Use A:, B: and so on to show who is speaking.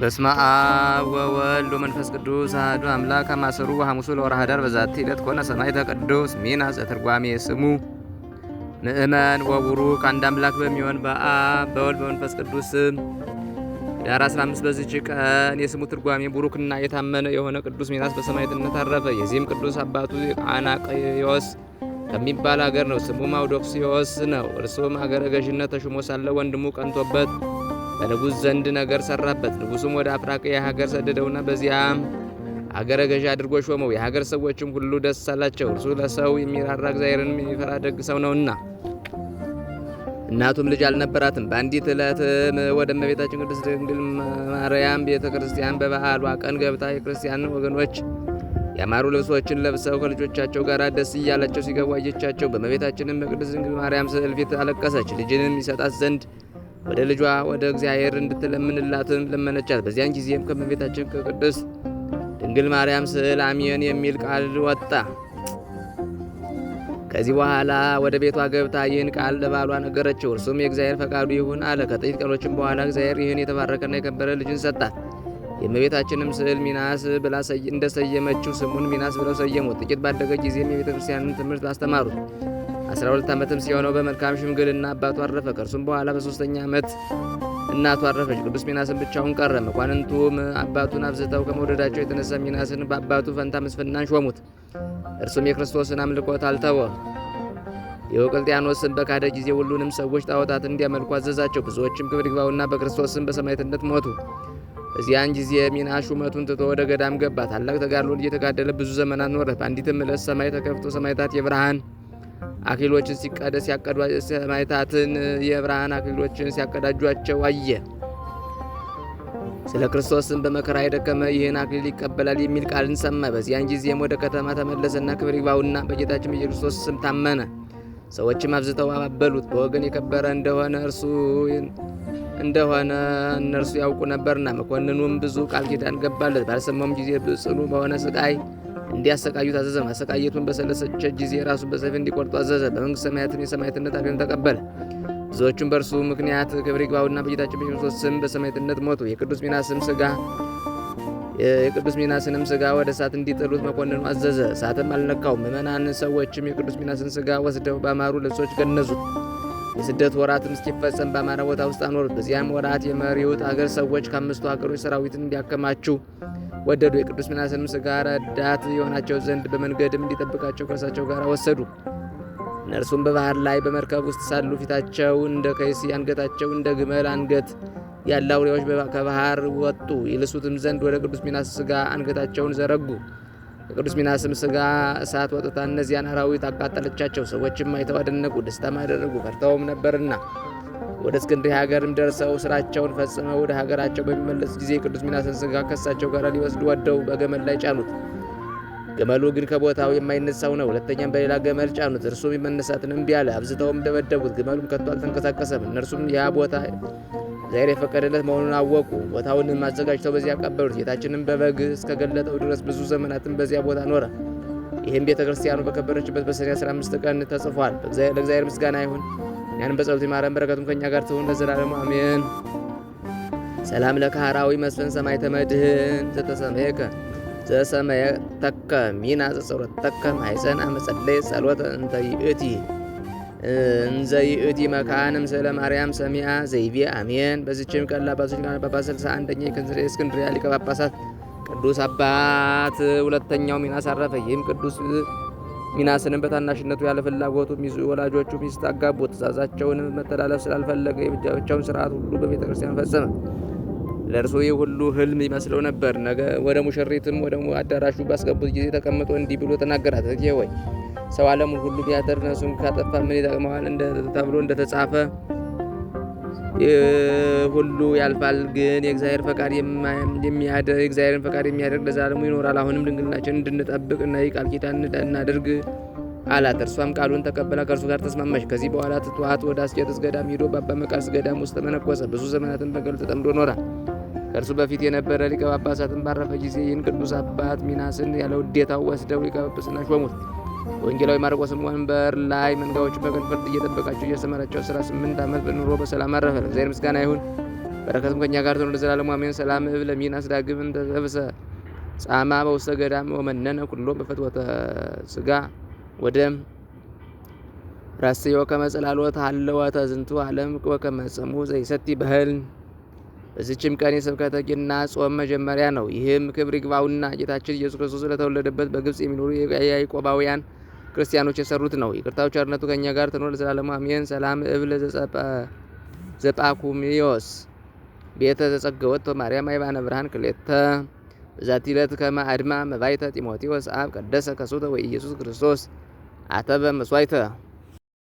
A: በስመ አብ ወወልድ ወመንፈስ ቅዱስ አሐዱ አምላክ አማሰሩ ሐሙሱ ለወርሃ ኅዳር በዛቲ ዕለት ኮነ ሰማዕተ ቅዱስ ሚናስ ዘትርጓሜ ስሙ ምእመን ወቡሩክ አንድ አምላክ በሚሆን በአብ በወልድ በመንፈስ ቅዱስ ስም ኅዳር 15 በዚች ቀን የስሙ ትርጓሜ ቡሩክና የታመነ የሆነ ቅዱስ ሚናስ በሰማዕትነት አረፈ። የዚህም ቅዱስ አባቱ አናቅዮስ ከሚባል ሀገር ነው። ስሙም አውዶክስዮስ ነው። እርሱም አገረ ገዥነት ተሹሞ ሳለ ወንድሙ ቀንቶበት በንጉሥ ዘንድ ነገር ሰራበት። ንጉሱም ወደ አፍራቅያ ሀገር ሰደደውና በዚያም አገረ ገዣ አድርጎ ሾመው። የሀገር ሰዎችም ሁሉ ደስ አላቸው፣ እርሱ ለሰው የሚራራ እግዚአብሔርንም የሚፈራ ደግ ሰው ነውና። እናቱም ልጅ አልነበራትም። በአንዲት ዕለትም ወደ እመቤታችን ቅድስት ድንግል ማርያም ቤተ ክርስቲያን በበዓሏ ቀን ገብታ የክርስቲያን ወገኖች ያማሩ ልብሶችን ለብሰው ከልጆቻቸው ጋር ደስ እያላቸው ሲገቡ አየቻቸው። በእመቤታችንም በቅድስት ድንግል ማርያም ስዕል ፊት አለቀሰች። ልጅንም ይሰጣት ዘንድ ወደ ልጇ ወደ እግዚአብሔር እንድትለምንላትም ለመነቻት። በዚያን ጊዜም ከእመቤታችን ከቅድስት ድንግል ማርያም ስዕል አሜን የሚል ቃል ወጣ። ከዚህ በኋላ ወደ ቤቷ ገብታ ይህን ቃል ለባሏ ነገረችው። እርሱም የእግዚአብሔር ፈቃዱ ይሁን አለ። ከጥቂት ቀኖችም በኋላ እግዚአብሔር ይህን የተባረከና የከበረ ልጅን ሰጣት። የእመቤታችንም ስዕል ሚናስ ብላ እንደሰየመችው ስሙን ሚናስ ብለው ሰየሙት። ጥቂት ባደገ ጊዜም የቤተ ክርስቲያንን ትምህርት አስተማሩት። 12 ዓመትም ሲሆነው በመልካም ሽምግልና አባቱ አረፈ። ከእርሱም በኋላ በሶስተኛ ዓመት እናቱ አረፈች። ቅዱስ ሚናስን ብቻውን ቀረ። መኳንንቱም አባቱን አብዝተው ከመውደዳቸው የተነሳ ሚናስን በአባቱ ፈንታ ምስፍናን ሾሙት። እርሱም የክርስቶስን አምልኮት አልተወ። የውቅልጥያኖስን በካደ ጊዜ ሁሉንም ሰዎች ጣዖታት እንዲያመልኩ አዘዛቸው። ብዙዎችም ክብር ይግባውና በክርስቶስም በሰማዕትነት ሞቱ። እዚያን ጊዜ ሚናስ ሹመቱን ትቶ ወደ ገዳም ገባ። ታላቅ ተጋድሎን እየተጋደለ ብዙ ዘመናት ኖረ። በአንዲትም ዕለት ሰማይ ተከፍቶ ሰማዕታት የብርሃን አክሊሎችን ሲቀደስ ያቀዷ ሰማዕታትን የብርሃን አክሊሎችን ሲያቀዳጇቸው አየ። ስለ ክርስቶስም በመከራ የደከመ ይህን አክሊል ይቀበላል የሚል ቃልን ሰማ። በዚያን ጊዜም ወደ ከተማ ተመለሰና ክብር ይግባውና በጌታችን በኢየሱስ ስም ታመነ። ሰዎችም አብዝተው አባበሉት። በወገን የከበረ እንደሆነ እርሱ እንደሆነ እነርሱ ያውቁ ነበርና። መኮንኑም ብዙ ቃል ኪዳን ገባለት። ባልሰማውም ጊዜ ጽኑ በሆነ ስቃይ እንዲያሰቃዩ ታዘዘ። ማሰቃየቱን በሰለሰቸ ጊዜ ራሱ በሰፊ እንዲቆርጡ አዘዘ። በመንግስት ሰማያትም የሰማዕትነት አክሊልን ተቀበለ። ብዙዎቹም በእርሱ ምክንያት ክብር ይግባውና በጌታችን በኢየሱስ ስም በሰማዕትነት ሞቱ። የቅዱስ ሚናስም ስጋ የቅዱስ ሚናስንም ስጋ ወደ እሳት እንዲጥሉት መኮንኑ አዘዘ። እሳትም አልነካውም። ምእመናን ሰዎችም የቅዱስ ሚናስን ስጋ ወስደው በአማሩ ልብሶች ገነዙት። የስደት ወራትም እስኪፈጸም በአማራ ቦታ ውስጥ አኖሩት። በዚያም ወራት የመሪውት ሀገር ሰዎች ከአምስቱ ሀገሮች ሰራዊትን እንዲያከማችው ወደዱ። የቅዱስ ምናስንም ስጋ ረዳት የሆናቸው ዘንድ በመንገድም እንዲጠብቃቸው ከእርሳቸው ጋር ወሰዱ። እነርሱም በባህር ላይ በመርከብ ውስጥ ሳሉ ፊታቸው እንደ ከይሲ አንገታቸው እንደ ግመል አንገት ያለ አውሬዎች ከባህር ወጡ። ይልሱትም ዘንድ ወደ ቅዱስ ሚናስ ስጋ አንገታቸውን ዘረጉ። ቅዱስ ሚናስም ስጋ እሳት ወጥታ እነዚያን አራዊት አቃጠለቻቸው። ሰዎችም አይተው አደነቁ፣ ደስታም አደረጉ፣ ፈርተውም ነበርና ወደ እስክንድርያ ሀገርም ደርሰው ስራቸውን ፈጽመው ወደ ሀገራቸው በሚመለስ ጊዜ ቅዱስ ሚናስን ስጋ ከሳቸው ጋር ሊወስዱ ወደው በገመል ላይ ጫኑት። ገመሉ ግን ከቦታው የማይነሳው ነው። ሁለተኛም በሌላ ገመል ጫኑት፣ እርሱም መነሳትን እምቢ አለ። አብዝተውም ደበደቡት፣ ገመሉም ከቶ አልተንቀሳቀሰም። እነርሱም ያ ቦታ እግዚአብሔር የፈቀደለት መሆኑን አወቁ። ቦታውንም አዘጋጅተው በዚያ አቀበሉት። ጌታችንም በበግ እስከገለጠው ድረስ ብዙ ዘመናትን በዚያ ቦታ ኖረ። ይህም ቤተ ክርስቲያኑ በከበረችበት በሰኔ 15 ቀን ተጽፏል። ለእግዚአብሔር ምስጋና ይሁን። እኛንም በጸሎት ይማረን፣ በረከቱም ከእኛ ጋር ትሁን ለዘላለሙ አሜን። ሰላም ለካህራዊ መስፍን ሰማይ ተመድህን ዘተሰመየከ ተከ ሚና ተከ ማይፀን አመጸለይ ጸሎተ እንተ ይእቲ እንዘ ይእቲ መካንም ስለ ማርያም ሰሚያ ዘይቤ አሜን። በዚችም ቀን ለአባቶች ሊቃነ ጳጳሳት ስልሳ አንደኛ የእስክንድርያ ሊቀ ጳጳሳት ቅዱስ አባት ሁለተኛው ሚናስ አረፈ። ይህም ቅዱስ ሚናስንም በታናሽነቱ ያለ ፍላጎቱ ወላጆቹ ሚስት አጋቡ። ትእዛዛቸውን መተላለፍ ስላልፈለገ የብቻቸውን ስርዓት ሁሉ በቤተ ክርስቲያን ፈጸመ። ለእርሱ ይህ ሁሉ ህልም ይመስለው ነበር። ወደ ሙሽሪትም ወደ አዳራሹ ባስገቡት ጊዜ ተቀምጦ እንዲህ ብሎ ተናገራት። ወይ ሰው ዓለሙን ሁሉ ቢያተርፍ ነፍሱን ካጠፋ ምን ይጠቅመዋል ተብሎ እንደተጻፈ ሁሉ ያልፋል፣ ግን የእግዚአብሔር ፈቃድ የሚያደርግ የእግዚአብሔርን ፈቃድ የሚያደርግ ለዘላለሙ ይኖራል። አሁንም ድንግልናችን እንድንጠብቅ እና ይህ ቃል ኪዳን እናድርግ አላት። እርሷም ቃሉን ተቀበላ ከእርሱ ጋር ተስማማች። ከዚህ በኋላ ትቷት ወደ አስቄጥስ ገዳም ሄዶ በአባ መቃርስ ገዳም ውስጥ ተመነኮሰ። ብዙ ዘመናትን በገሉ ተጠምዶ ኖረ። ከእርሱ በፊት የነበረ ሊቀ ጳጳሳትን ባረፈ ጊዜ ይህን ቅዱስ አባት ሚናስን ያለ ውዴታው ወስደው ሊቀ ጵጵስና ሾሙት። ወንጌላዊ ማርቆስ ወንበር ላይ መንጋዎቹን በቅንፍርት እየጠበቃቸው እያስተማራቸው አስራ ስምንት ዓመት ኑሮ በሰላም አረፈ። ለእግዚአብሔር ምስጋና ይሁን። በረከቱም ከእኛ ጋር ትኑር ለዘላለሙ አሜን። ሰላም እብ ለሚን አስዳግም ተሰብሰ ጻማ በውስተ ገዳም ወመነነ ኩሎ በፈትወተ ስጋ ወደም ራስዮ ከመጸላሎት ሀለወ ተዝንቱ ዓለም ወከመጽሙ ዘይሰቲ በህል። በዚችም ቀን የስብከተ ገና ጾም መጀመሪያ ነው። ይህም ክብር ይግባውና ጌታችን ኢየሱስ ክርስቶስ ለተወለደበት በግብጽ የሚኖሩ የያዕቆባውያን ክርስቲያኖች የሰሩት ነው። ይቅርታው ቸርነቱ ከእኛ ጋር ትኖር ለዘላለም አሜን። ሰላም እብል ዘጳኩሚዮስ ቤተ ተጸገወት ማርያም አይባነ ብርሃን ክሌተ በዛቲ ዕለት ከመ አድማ መባይተ ጢሞቴዎስ አብ ቀደሰ ከሱተ ወኢየሱስ ክርስቶስ አተበ መስዋይተ